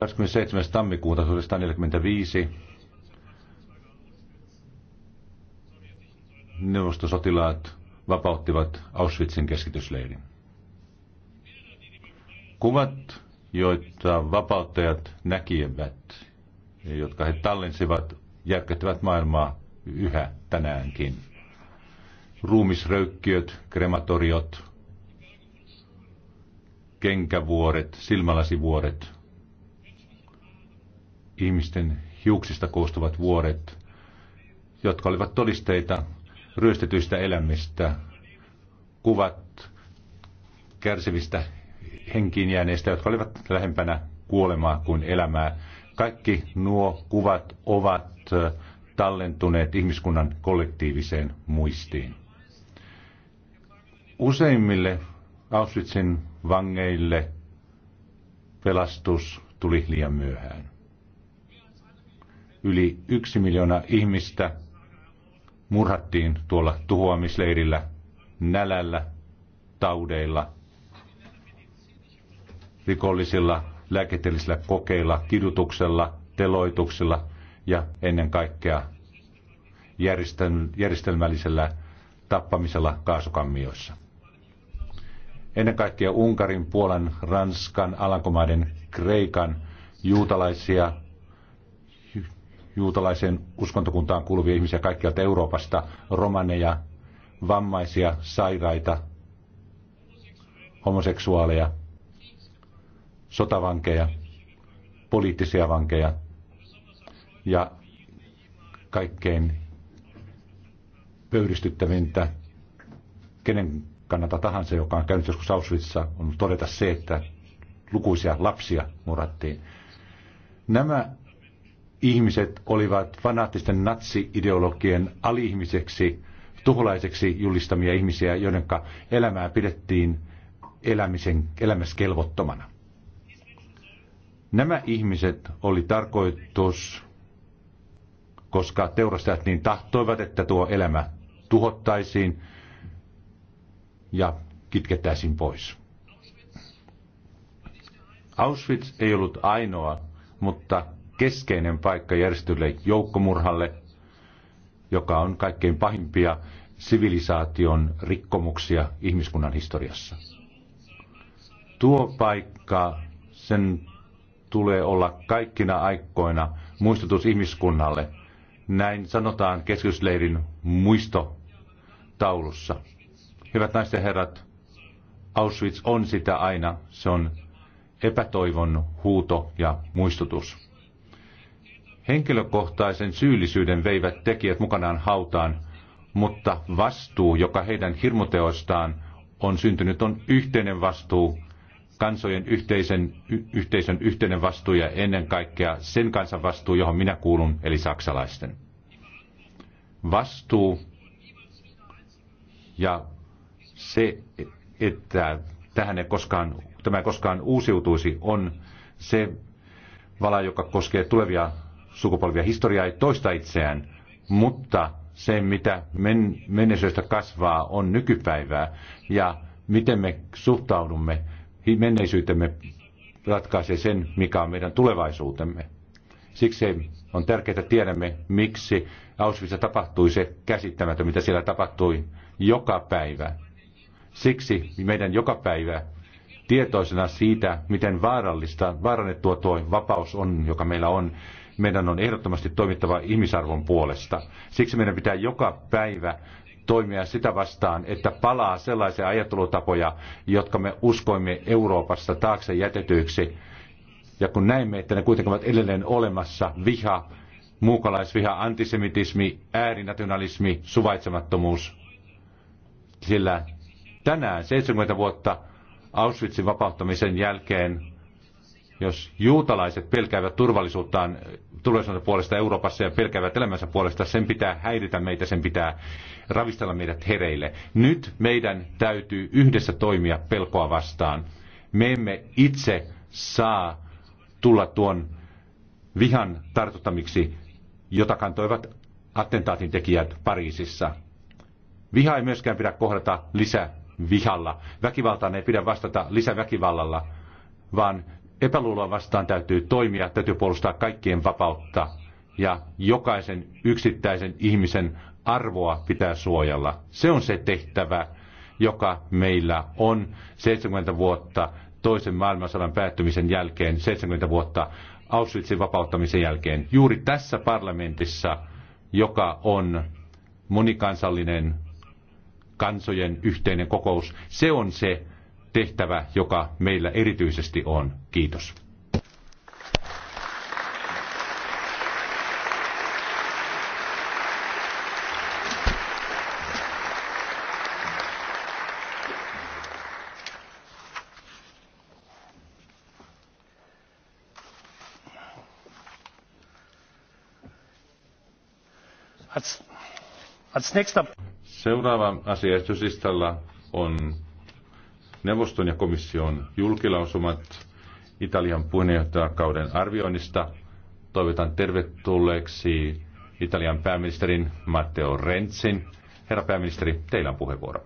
27. tammikuuta 1945 neuvostosotilaat vapauttivat Auschwitzin keskitysleirin. Kuvat, joita vapauttajat näkivät, jotka he tallensivat, järkyttävät maailmaa yhä tänäänkin. Ruumisröykkiöt, krematoriot, kenkävuoret, silmälasivuoret, ihmisten hiuksista koostuvat vuoret, jotka olivat todisteita ryöstetyistä elämistä, kuvat kärsivistä henkiin jääneistä, jotka olivat lähempänä kuolemaa kuin elämää. Kaikki nuo kuvat ovat tallentuneet ihmiskunnan kollektiiviseen muistiin. Useimmille Auschwitzin vangeille pelastus tuli liian myöhään. Yli yksi miljoona ihmistä murhattiin tuolla tuhoamisleirillä, nälällä, taudeilla, rikollisilla lääketieteellisillä kokeilla, kidutuksella, teloituksella ja ennen kaikkea järjestelmällisellä tappamisella kaasukammioissa. Ennen kaikkea Unkarin, Puolan, Ranskan, Alankomaiden, Kreikan juutalaisia Juutalaisen uskontokuntaan kuuluvia ihmisiä kaikkialta Euroopasta, romaneja, vammaisia, sairaita, homoseksuaaleja, sotavankeja, poliittisia vankeja ja kaikkein pöyristyttävintä, kenen kannata tahansa, joka on käynyt joskus Auschwitzissa, on todeta se, että lukuisia lapsia murattiin. Nämä ihmiset olivat fanaattisten natsi-ideologien aliihmiseksi, tuholaiseksi julistamia ihmisiä, joiden elämää pidettiin elämisen, elämäskelvottomana. Nämä ihmiset oli tarkoitus, koska teurastajat niin tahtoivat, että tuo elämä tuhottaisiin ja kitkettäisiin pois. Auschwitz ei ollut ainoa, mutta keskeinen paikka järjestölle joukkomurhalle, joka on kaikkein pahimpia sivilisaation rikkomuksia ihmiskunnan historiassa. Tuo paikka, sen tulee olla kaikkina aikoina muistutus ihmiskunnalle. Näin sanotaan keskysleirin muistotaulussa. Hyvät naiset ja herrat, Auschwitz on sitä aina. Se on epätoivon huuto ja muistutus. Henkilökohtaisen syyllisyyden veivät tekijät mukanaan hautaan, mutta vastuu, joka heidän hirmuteoistaan on syntynyt, on yhteinen vastuu, kansojen yhteisen, y- yhteisön yhteinen vastuu ja ennen kaikkea sen kansan vastuu, johon minä kuulun, eli saksalaisten. Vastuu ja se, että tähän ei koskaan, tämä ei koskaan uusiutuisi, on se vala, joka koskee tulevia sukupolvia. Historia ei toista itseään, mutta se, mitä men- menneisyydestä kasvaa, on nykypäivää. Ja miten me suhtaudumme menneisyytemme ratkaisee sen, mikä on meidän tulevaisuutemme. Siksi on tärkeää, että tiedämme, miksi Auschwitzissa tapahtui se käsittämätön, mitä siellä tapahtui joka päivä. Siksi meidän joka päivä tietoisena siitä, miten vaarallista, vaarannettua tuo vapaus on, joka meillä on, meidän on ehdottomasti toimittava ihmisarvon puolesta. Siksi meidän pitää joka päivä toimia sitä vastaan, että palaa sellaisia ajattelutapoja, jotka me uskoimme Euroopasta taakse jätetyiksi. Ja kun näemme, että ne kuitenkin ovat edelleen olemassa, viha, muukalaisviha, antisemitismi, äärinationalismi, suvaitsemattomuus. Sillä tänään 70 vuotta Auschwitzin vapauttamisen jälkeen jos juutalaiset pelkäävät turvallisuuttaan, tulevaisuuden puolesta Euroopassa ja pelkäävät elämänsä puolesta, sen pitää häiritä meitä, sen pitää ravistella meidät hereille. Nyt meidän täytyy yhdessä toimia pelkoa vastaan. Me emme itse saa tulla tuon vihan tartuttamiksi, jota kantoivat attentaatin tekijät Pariisissa. Viha ei myöskään pidä kohdata lisävihalla. Väkivaltaan ei pidä vastata lisäväkivallalla, vaan epäluuloa vastaan täytyy toimia, täytyy puolustaa kaikkien vapautta ja jokaisen yksittäisen ihmisen arvoa pitää suojella. Se on se tehtävä, joka meillä on 70 vuotta toisen maailmansodan päättymisen jälkeen, 70 vuotta Auschwitzin vapauttamisen jälkeen, juuri tässä parlamentissa, joka on monikansallinen kansojen yhteinen kokous, se on se tehtävä, joka meillä erityisesti on. Kiitos. Seuraava asia on neuvoston ja komission julkilausumat Italian puheenjohtajakauden arvioinnista. Toivotan tervetulleeksi Italian pääministerin Matteo Renzin. Herra pääministeri, teillä on puheenvuoro.